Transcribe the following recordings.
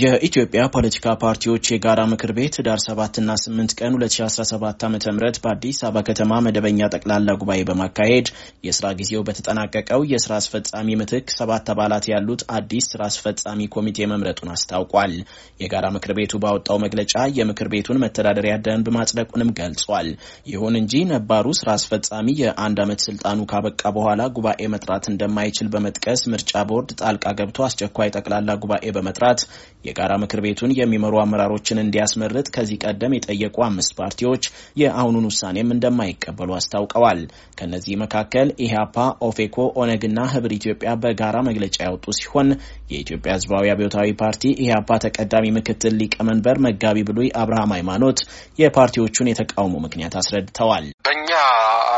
የኢትዮጵያ ፖለቲካ ፓርቲዎች የጋራ ምክር ቤት ህዳር 7ና 8 ቀን 2017 ዓ ም በአዲስ አበባ ከተማ መደበኛ ጠቅላላ ጉባኤ በማካሄድ የስራ ጊዜው በተጠናቀቀው የስራ አስፈጻሚ ምትክ ሰባት አባላት ያሉት አዲስ ስራ አስፈጻሚ ኮሚቴ መምረጡን አስታውቋል። የጋራ ምክር ቤቱ ባወጣው መግለጫ የምክር ቤቱን መተዳደሪያ ደንብ ማጽደቁንም ገልጿል። ይሁን እንጂ ነባሩ ስራ አስፈጻሚ የአንድ ዓመት ስልጣኑ ካበቃ በኋላ ጉባኤ መጥራት እንደማይችል በመጥቀስ ምርጫ ቦርድ ጣልቃ ገብቶ አስቸኳይ ጠቅላላ ጉባኤ በመጥራት የጋራ ምክር ቤቱን የሚመሩ አመራሮችን እንዲያስመርጥ ከዚህ ቀደም የጠየቁ አምስት ፓርቲዎች የአሁኑን ውሳኔም እንደማይቀበሉ አስታውቀዋል። ከእነዚህ መካከል ኢህአፓ፣ ኦፌኮ፣ ኦነግና ህብር ኢትዮጵያ በጋራ መግለጫ ያወጡ ሲሆን የኢትዮጵያ ህዝባዊ አብዮታዊ ፓርቲ ኢህአፓ ተቀዳሚ ምክትል ሊቀመንበር መጋቢ ብሉይ አብርሃም ሃይማኖት የፓርቲዎቹን የተቃውሞ ምክንያት አስረድተዋል። በእኛ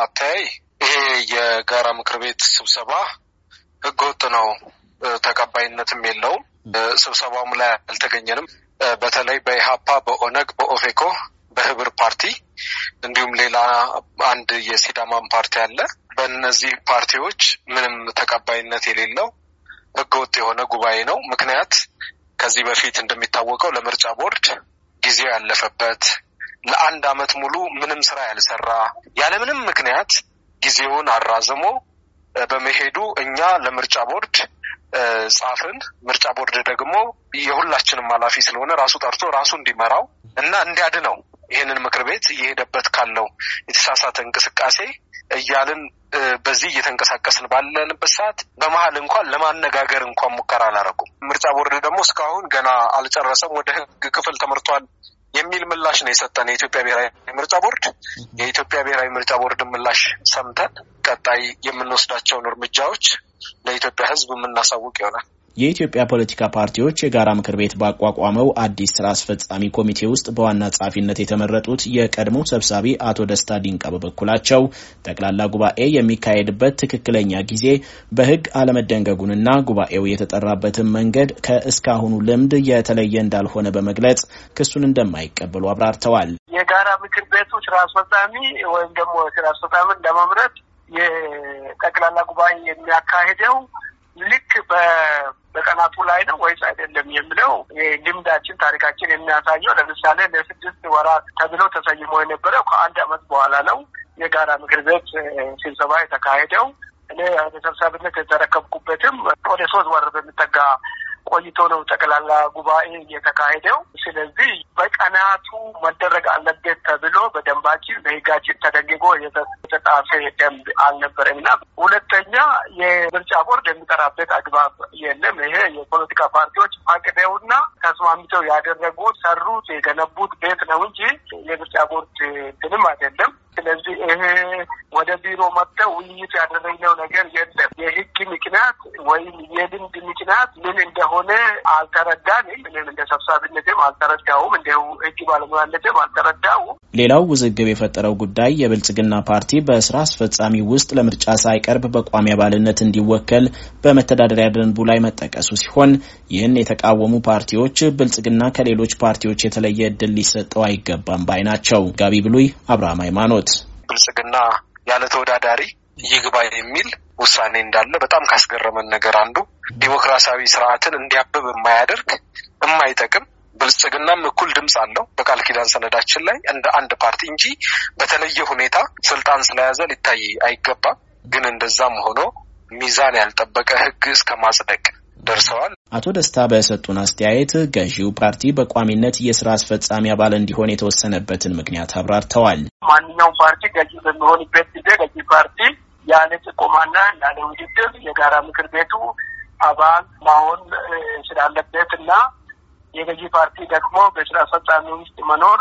አተያይ ይሄ የጋራ ምክር ቤት ስብሰባ ህገወጥ ነው፣ ተቀባይነትም የለውም። ስብሰባውም ላይ አልተገኘንም። በተለይ በኢሃፓ፣ በኦነግ፣ በኦፌኮ፣ በህብር ፓርቲ እንዲሁም ሌላ አንድ የሲዳማን ፓርቲ አለ። በእነዚህ ፓርቲዎች ምንም ተቀባይነት የሌለው ህገወጥ የሆነ ጉባኤ ነው። ምክንያት ከዚህ በፊት እንደሚታወቀው ለምርጫ ቦርድ ጊዜው ያለፈበት ለአንድ አመት ሙሉ ምንም ስራ ያልሰራ ያለምንም ምክንያት ጊዜውን አራዝሞ በመሄዱ እኛ ለምርጫ ቦርድ ጻፍን። ምርጫ ቦርድ ደግሞ የሁላችንም ኃላፊ ስለሆነ ራሱ ጠርቶ ራሱ እንዲመራው እና እንዲያድነው ይህንን ምክር ቤት እየሄደበት ካለው የተሳሳተ እንቅስቃሴ እያልን በዚህ እየተንቀሳቀስን ባለንበት ሰዓት በመሀል እንኳን ለማነጋገር እንኳን ሙከራ አላረጉም። ምርጫ ቦርድ ደግሞ እስካሁን ገና አልጨረሰም፣ ወደ ህግ ክፍል ተመርቷል የሚል ምላሽ ነው የሰጠን የኢትዮጵያ ብሔራዊ ምርጫ ቦርድ። የኢትዮጵያ ብሔራዊ ምርጫ ቦርድ ምላሽ ሰምተን ቀጣይ የምንወስዳቸውን እርምጃዎች ለኢትዮጵያ ሕዝብ የምናሳውቅ ይሆናል። የኢትዮጵያ ፖለቲካ ፓርቲዎች የጋራ ምክር ቤት ባቋቋመው አዲስ ስራ አስፈጻሚ ኮሚቴ ውስጥ በዋና ጸሐፊነት የተመረጡት የቀድሞ ሰብሳቢ አቶ ደስታ ዲንቃ በበኩላቸው ጠቅላላ ጉባኤ የሚካሄድበት ትክክለኛ ጊዜ በሕግ አለመደንገጉንና ጉባኤው የተጠራበትን መንገድ ከእስካሁኑ ልምድ የተለየ እንዳልሆነ በመግለጽ ክሱን እንደማይቀበሉ አብራርተዋል። የጋራ ምክር ቤቱ ስራ አስፈጻሚ ወይም ደግሞ ስራ አስፈጻሚን ለመምረጥ የጠቅላላ ጉባኤ የሚያካሄደው ልክ በቀናቱ ላይ ነው ወይስ አይደለም የሚለው ልምዳችን፣ ታሪካችን የሚያሳየው ለምሳሌ ለስድስት ወራት ተብሎ ተሰይሞ የነበረው ከአንድ አመት በኋላ ነው የጋራ ምክር ቤት ስብሰባ የተካሄደው። እኔ በሰብሳቢነት የተረከብኩበትም ወደ ሶስት ወር በሚጠጋ ቆይቶ ነው ጠቅላላ ጉባኤ የተካሄደው። ስለዚህ በቀናቱ መደረግ አለበት ተብሎ በደንባችን በህጋችን ተደግጎ የተጻፈ ደንብ እና ሁለተኛ የምርጫ ቦርድ የሚጠራበት አግባብ የለም። ይሄ የፖለቲካ ፓርቲዎች አቅደውና ተስማምተው ያደረጉት ሰሩት፣ የገነቡት ቤት ነው እንጂ የምርጫ ቦርድ እንትንም አይደለም። ስለዚህ ይሄ ወደ ቢሮ መጥተው ውይይት ያደረግነው ነገር የለም። የህግ ምክንያት ወይም የልምድ ምክንያት ምን እንደሆነ አልተረዳን። ምንም እንደ ሰብሳቢነትም አልተረዳውም፣ እንዲሁ ህግ ባለሙያነትም አልተረዳውም። ሌላው ውዝግብ የፈጠረው ጉዳይ የብልጽግና ፓርቲ በስራ አስፈጻሚ ውስጥ ለምርጫ ሳይቀርብ በቋሚ አባልነት እንዲወከል በመተዳደሪያ ደንቡ ላይ መጠቀሱ ሲሆን ይህን የተቃወሙ ፓርቲዎች ብልጽግና ከሌሎች ፓርቲዎች የተለየ እድል ሊሰጠው አይገባም ባይ ናቸው። ጋቢ ብሉይ አብርሃም ሃይማኖት ብልጽግና ያለ ተወዳዳሪ ይግባ የሚል ውሳኔ እንዳለ በጣም ካስገረመን ነገር አንዱ ዲሞክራሲያዊ ስርዓትን እንዲያብብ የማያደርግ የማይጠቅም ብልጽግናም እኩል ድምፅ አለው በቃል ኪዳን ሰነዳችን ላይ እንደ አንድ ፓርቲ እንጂ በተለየ ሁኔታ ስልጣን ስለያዘ ሊታይ አይገባም። ግን እንደዛም ሆኖ ሚዛን ያልጠበቀ ህግ እስከ ማጽደቅ ደርሰዋል። አቶ ደስታ በሰጡን አስተያየት ገዢው ፓርቲ በቋሚነት የስራ አስፈጻሚ አባል እንዲሆን የተወሰነበትን ምክንያት አብራርተዋል። ማንኛውም ፓርቲ ገዢ በሚሆንበት ጊዜ ገዢ ፓርቲ ያለ ጥቆማና ያለ ውድድር የጋራ ምክር ቤቱ አባል መሆን ስላለበት እና የገዢ ፓርቲ ደግሞ በስራ አስፈጻሚ ውስጥ መኖር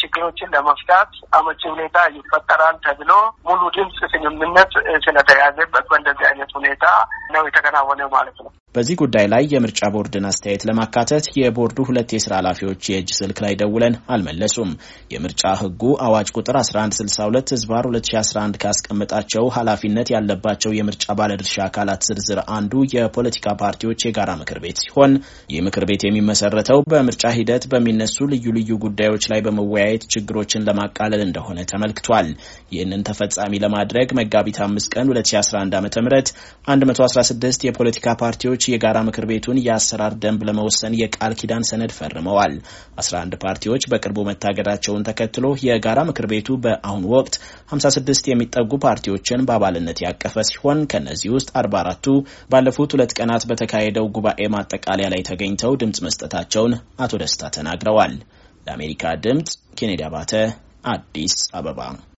ችግሮችን ለመፍታት አመቺ ሁኔታ ይፈጠራል ተብሎ ሙሉ ድምፅ ስምምነት ስለተያዘበት ነው የተከናወነው ማለት ነው። በዚህ ጉዳይ ላይ የምርጫ ቦርድን አስተያየት ለማካተት የቦርዱ ሁለት የስራ ኃላፊዎች የእጅ ስልክ ላይ ደውለን አልመለሱም። የምርጫ ሕጉ አዋጅ ቁጥር 1162 ህዝባር 2011 ካስቀመጣቸው ኃላፊነት ያለባቸው የምርጫ ባለድርሻ አካላት ዝርዝር አንዱ የፖለቲካ ፓርቲዎች የጋራ ምክር ቤት ሲሆን ይህ ምክር ቤት የሚመሰረተው በምርጫ ሂደት በሚነሱ ልዩ ልዩ ጉዳዮች ላይ በመወያየት ችግሮችን ለማቃለል እንደሆነ ተመልክቷል። ይህንን ተፈጻሚ ለማድረግ መጋቢት አምስት ቀን 2011 ዓ ም 116 የፖለቲካ ፓርቲዎች የጋራ ምክር ቤቱን የአሰራር ደንብ ለመወሰን የቃል ኪዳን ሰነድ ፈርመዋል። 11 ፓርቲዎች በቅርቡ መታገዳቸውን ተከትሎ የጋራ ምክር ቤቱ በአሁኑ ወቅት 56 የሚጠጉ ፓርቲዎችን በአባልነት ያቀፈ ሲሆን ከእነዚህ ውስጥ 44ቱ ባለፉት ሁለት ቀናት በተካሄደው ጉባኤ ማጠቃለያ ላይ ተገኝተው ድምፅ መስጠታቸውን አቶ ደስታ ተናግረዋል። ለአሜሪካ ድምፅ ኬኔዲ አባተ አዲስ አበባ